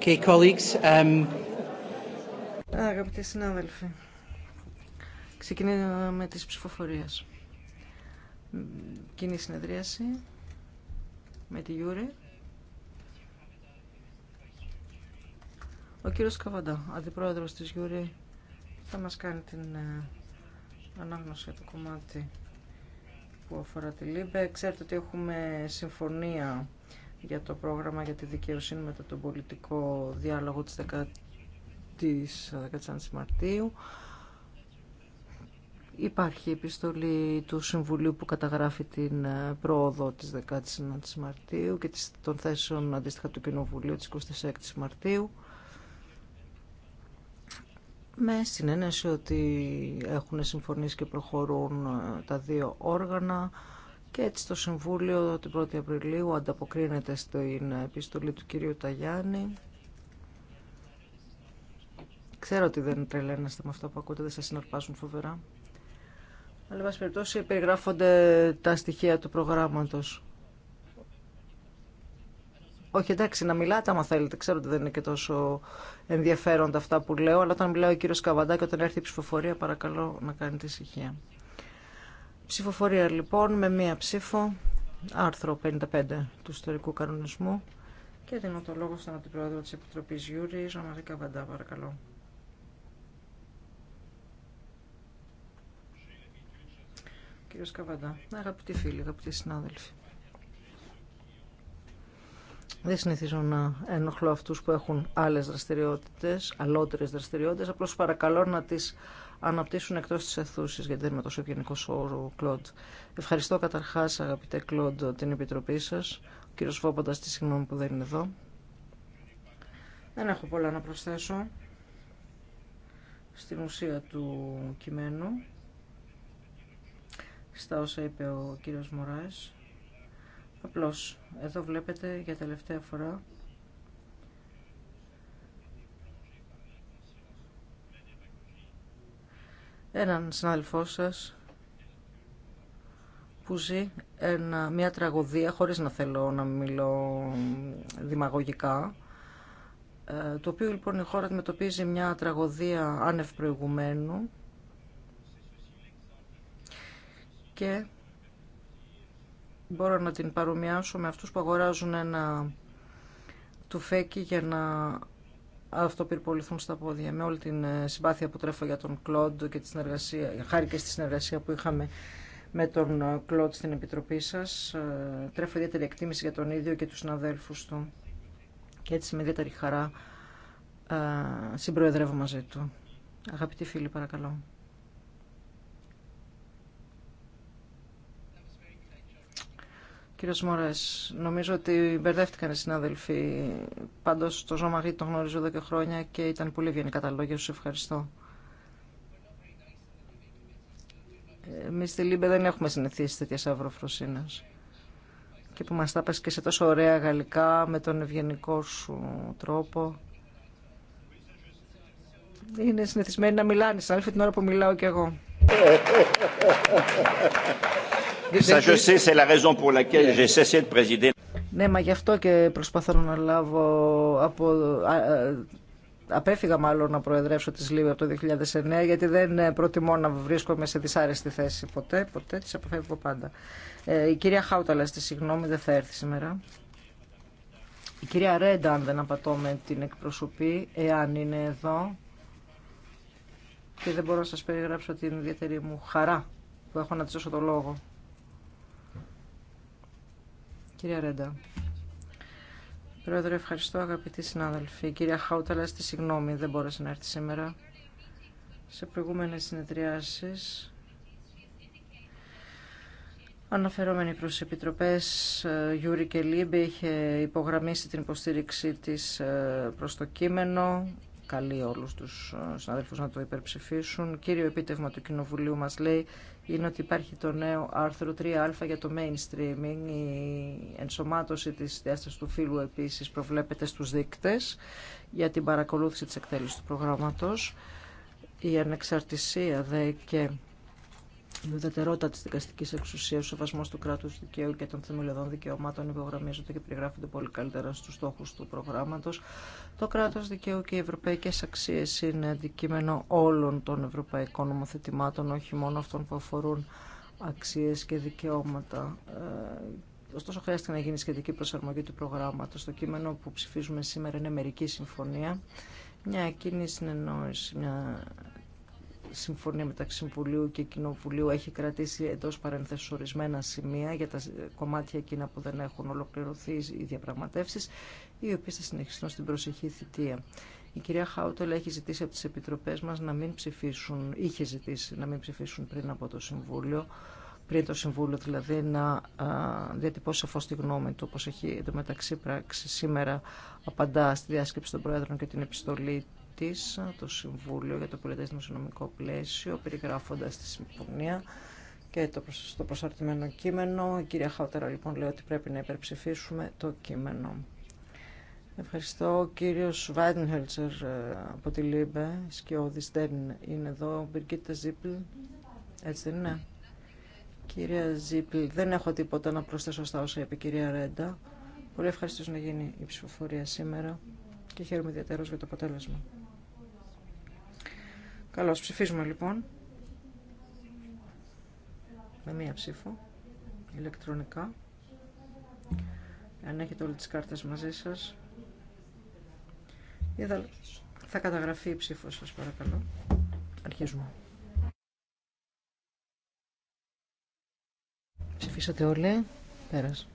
Okay, colleagues, um... Αγαπητοί συνάδελφοι, με τις ψηφοφορίες. Κοινή συνεδρίαση με τη Γιούρη. Ο κύριος Καβαντά, αντιπρόεδρος της Γιούρη, θα μας κάνει την ε, ανάγνωση για το κομμάτι που αφορά τη ΛΥΜΠΕ. Ξέρετε ότι έχουμε συμφωνία για το πρόγραμμα για τη δικαιοσύνη μετά τον πολιτικό διάλογο της 10ης Μαρτίου. Υπάρχει επιστολή του Συμβουλίου που καταγράφει την ε, πρόοδο της 19ης Μαρτίου και των θέσεων αντίστοιχα του Κοινοβουλίου της 26ης Μαρτίου με συνένεση ότι έχουν συμφωνήσει και προχωρούν ε, τα δύο όργανα και έτσι το Συμβούλιο την 1η Απριλίου ανταποκρίνεται στην επιστολή του κυρίου Ταγιάννη. Ξέρω ότι δεν τρελαίνεστε με αυτά που ακούτε, δεν σας συναρπάζουν φοβερά. Αλλά, βάση περιπτώσει, περιγράφονται τα στοιχεία του προγράμματος. Όχι, εντάξει, να μιλάτε άμα θέλετε. Ξέρω ότι δεν είναι και τόσο ενδιαφέροντα αυτά που λέω, αλλά όταν μιλάει ο κύριο Καβαντάκη, όταν έρθει η ψηφοφορία, παρακαλώ να κάνετε ησυχία. Ψηφοφορία λοιπόν με μία ψήφο, άρθρο 55 του ιστορικού κανονισμού και δίνω το λόγο στον Αντιπρόεδρο της Επιτροπής Γιούρη, Ζωμαρή Καβαντά, παρακαλώ. Κύριος Καβαντά, αγαπητοί φίλοι, αγαπητοί συνάδελφοι. Δεν συνηθίζω να ενοχλώ αυτού που έχουν άλλε δραστηριότητε, αλότερε δραστηριότητε, Απλώ παρακαλώ να τι αναπτύσσουν εκτός τη αιθούση, γιατί δεν είμαι τόσο ευγενικό όρο, Κλοντ. Ευχαριστώ καταρχά αγαπητέ Κλοντ, την επιτροπή σα, Ο κύριο Φόποντα, τη συγγνώμη που δεν είναι εδώ. Δεν έχω πολλά να προσθέσω στην ουσία του κειμένου, στα όσα είπε ο κύριος Μωράης. Απλώς, εδώ βλέπετε για τελευταία φορά έναν συνάδελφό σας που ζει ένα, μια τραγωδία, χωρίς να θέλω να μιλώ δημαγωγικά, ε, το οποίο λοιπόν η χώρα αντιμετωπίζει μια τραγωδία άνευ προηγουμένου και μπορώ να την παρομοιάσω με αυτούς που αγοράζουν ένα τουφέκι για να αυτοπυρποληθούν στα πόδια. Με όλη την ε, συμπάθεια που τρέφω για τον Κλοντ και τη συνεργασία, χάρη και στη συνεργασία που είχαμε με τον ε, Κλοντ στην Επιτροπή σας, ε, τρέφω ιδιαίτερη εκτίμηση για τον ίδιο και τους συναδέλφους του. Και έτσι με ιδιαίτερη χαρά συμπροεδρεύω μαζί του. Αγαπητοί φίλοι, παρακαλώ. Κύριε Μωρές, νομίζω ότι μπερδεύτηκαν οι συνάδελφοι. Πάντως το ζώμα Μαγί τον γνωρίζω εδώ και χρόνια και ήταν πολύ ευγενικά τα λόγια. Σου ευχαριστώ. Εμεί στη Λίμπε δεν έχουμε συνηθίσει τέτοια αυροφροσύνες. Και που μας τα και σε τόσο ωραία γαλλικά, με τον ευγενικό σου τρόπο. Είναι συνηθισμένοι να μιλάνε, συνάδελφοι, την ώρα που μιλάω κι εγώ. Ναι, μα γι' αυτό και προσπαθώ να λάβω από... Απέφυγα μάλλον να προεδρεύσω τη ΛΥΒΕ από το 2009, γιατί δεν ε, προτιμώ να βρίσκομαι σε δυσάρεστη θέση ποτέ, ποτέ, τις αποφεύγω πάντα. Ε, η κυρία Χάουταλα, στη συγγνώμη, δεν θα έρθει σήμερα. Η κυρία Ρέντα, αν δεν απατώ με την εκπροσωπή, εάν είναι εδώ. Και δεν μπορώ να σας περιγράψω την ιδιαίτερη μου χαρά που έχω να της δώσω το λόγο. Κυρία Ρέντα. Πρόεδρε, ευχαριστώ αγαπητοί συνάδελφοι. κυρία Χάουταλα, στη συγγνώμη, δεν μπόρεσε να έρθει σήμερα. Σε προηγούμενες συνεδριάσεις Αναφερόμενοι προς επιτροπές, ε, Γιούρι και Λίμπη είχε υπογραμμίσει την υποστήριξή της ε, προς το κείμενο καλεί όλους τους ε, συναδέλφους να το υπερψηφίσουν. Κύριο επίτευγμα του Κοινοβουλίου μας λέει είναι ότι υπάρχει το νέο άρθρο 3α για το mainstreaming. Η ενσωμάτωση της διάστασης του φύλου επίσης προβλέπεται στους δείκτες για την παρακολούθηση της εκτέλεσης του προγράμματος. Η ανεξαρτησία δε και η ουδετερότητα τη δικαστική εξουσία, ο σεβασμό του κράτου δικαίου και των θεμελιωδών δικαιωμάτων υπογραμμίζονται και περιγράφονται πολύ καλύτερα στου στόχου του προγράμματο. Το κράτο δικαίου και οι ευρωπαϊκέ αξίε είναι αντικείμενο όλων των ευρωπαϊκών νομοθετημάτων, όχι μόνο αυτών που αφορούν αξίε και δικαιώματα. Ε, ωστόσο, χρειάστηκε να γίνει σχετική προσαρμογή του προγράμματο. Το κείμενο που ψηφίζουμε σήμερα είναι μερική συμφωνία μια κοινή συνεννόηση, μια συμφωνία μεταξύ Συμβουλίου και Κοινοβουλίου έχει κρατήσει εντό παρενθέσεως ορισμένα σημεία για τα κομμάτια εκείνα που δεν έχουν ολοκληρωθεί οι διαπραγματεύσει, οι οποίε θα συνεχιστούν στην προσεχή θητεία. Η κυρία Χάουτελ έχει ζητήσει από τι επιτροπέ μα να μην ψηφίσουν, είχε ζητήσει να μην ψηφίσουν πριν από το Συμβούλιο, πριν το Συμβούλιο δηλαδή να διατυπώσει σαφώς τη γνώμη του, όπω έχει εντωμεταξύ πράξη σήμερα απαντά στη διάσκεψη των Πρόεδρων και την επιστολή της, το Συμβούλιο για το Πολιτές Δημοσιονομικό Πλαίσιο, περιγράφοντας τη συμφωνία και το, προσ... το προσαρτημένο κείμενο. Η κυρία Χαουτέρα λοιπόν λέει ότι πρέπει να υπερψηφίσουμε το κείμενο. Ευχαριστώ. Ο κύριος Βάιντενχελτσερ ε, από τη Λίμπε, σκιώδης δεν είναι εδώ. Μπυρκίτα Ζίπλ, έτσι δεν είναι. Κυρία Ζίπλ, δεν έχω τίποτα να προσθέσω στα όσα είπε η κυρία Ρέντα. Πολύ ευχαριστώ να γίνει η ψηφοφορία σήμερα και χαίρομαι ιδιαίτερα για το αποτέλεσμα. Καλώ ψηφίζουμε λοιπόν. Με μία ψήφο. Ηλεκτρονικά. Αν έχετε όλες τις κάρτες μαζί σα. Θα καταγραφεί η ψήφο σας παρακαλώ. Αρχίζουμε. Ψηφίσατε όλοι. Πέρασε.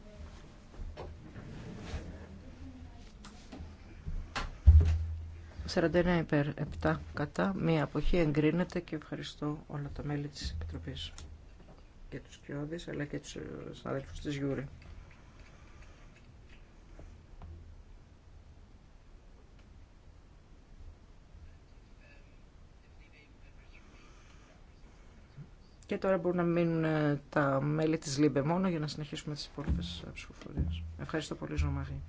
49 υπέρ 7 κατά. Μία αποχή εγκρίνεται και ευχαριστώ όλα τα μέλη της Επιτροπής και τους Κιώδης αλλά και τους ε, συναδέλφους της Γιούρη. Και τώρα μπορούν να μείνουν ε, τα μέλη της ΛΥΜΠΕ μόνο για να συνεχίσουμε τις υπόλοιπες ψηφοφορίες. Ευχαριστώ πολύ, Ζωμαρή.